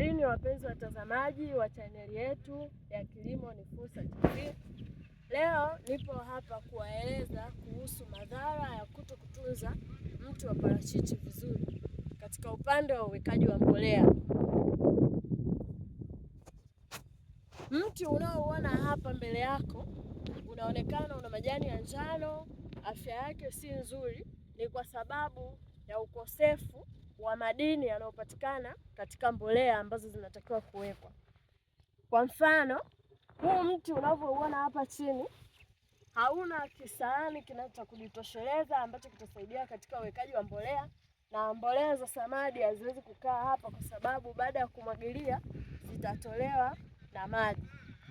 Habarini wapenzi watazamaji wa chaneli yetu ya Kilimo ni Fursa TV. Leo nipo hapa kuwaeleza kuhusu madhara ya kuto kutunza mti wa parachichi vizuri katika upande wa uwekaji wa mbolea. Mti unaouona hapa mbele yako unaonekana una majani ya njano, afya yake si nzuri, ni kwa sababu ya ukosefu wa madini yanayopatikana katika mbolea ambazo zinatakiwa kuwekwa. Kwa mfano, huu mti unavyouona hapa chini hauna kisahani cha kujitosheleza ambacho kitasaidia katika uwekaji wa mbolea, na mbolea za samadi haziwezi kukaa hapa kwa sababu baada ya kumwagilia zitatolewa na maji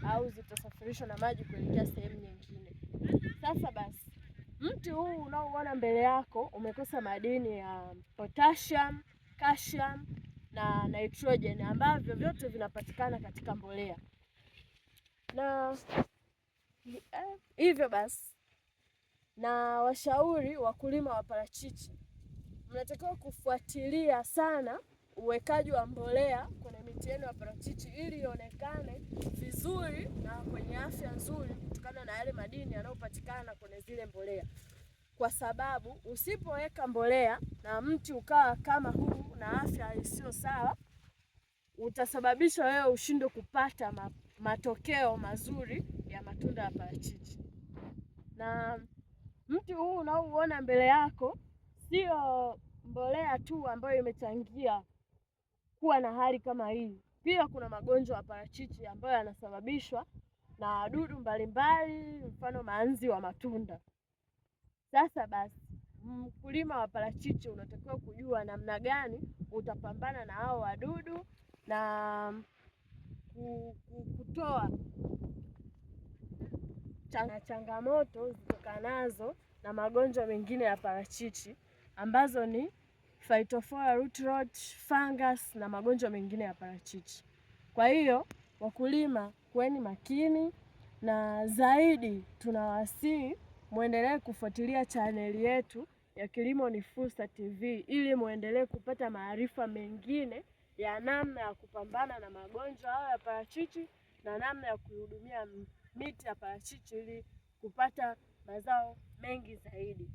au zitasafirishwa na maji kuelekea sehemu nyingine. Sasa basi Mti huu unaoona mbele yako umekosa madini ya potassium, calcium na nitrogen ambavyo vyote vinapatikana katika mbolea na eh, hivyo basi na washauri wakulima wa parachichi, mnatakiwa kufuatilia sana uwekaji wa mbolea kwenye miti yenu ya parachichi ili ionekane vizuri na kwenye afya nzuri kutokana madini yanayopatikana kwenye zile mbolea, kwa sababu usipoweka mbolea na mti ukawa kama huu na afya isiyo sawa, utasababisha wewe ushindwe kupata ma, matokeo mazuri ya matunda ya parachichi. Na mti huu unaouona mbele yako sio mbolea tu ambayo imechangia kuwa na hali kama hii, pia kuna magonjwa ya parachichi ambayo yanasababishwa na wadudu mbalimbali, mfano maanzi wa matunda. Sasa basi, mkulima wa parachichi unatakiwa kujua namna gani utapambana na hao wadudu na kutoa na changamoto zitokanazo na magonjwa mengine ya parachichi ambazo ni Phytophthora root rot, fungus na magonjwa mengine ya parachichi. Kwa hiyo Wakulima kweni makini na zaidi, tunawasihi mwendelee kufuatilia chaneli yetu ya Kilimo ni Fursa TV ili mwendelee kupata maarifa mengine ya namna ya kupambana na magonjwa hayo ya parachichi na namna ya kuhudumia miti ya parachichi ili kupata mazao mengi zaidi.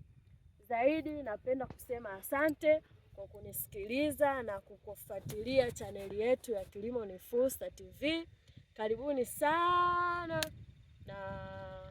Zaidi napenda kusema asante kwa kunisikiliza na kukufuatilia chaneli yetu ya Kilimo ni Fursa TV. Karibuni sana na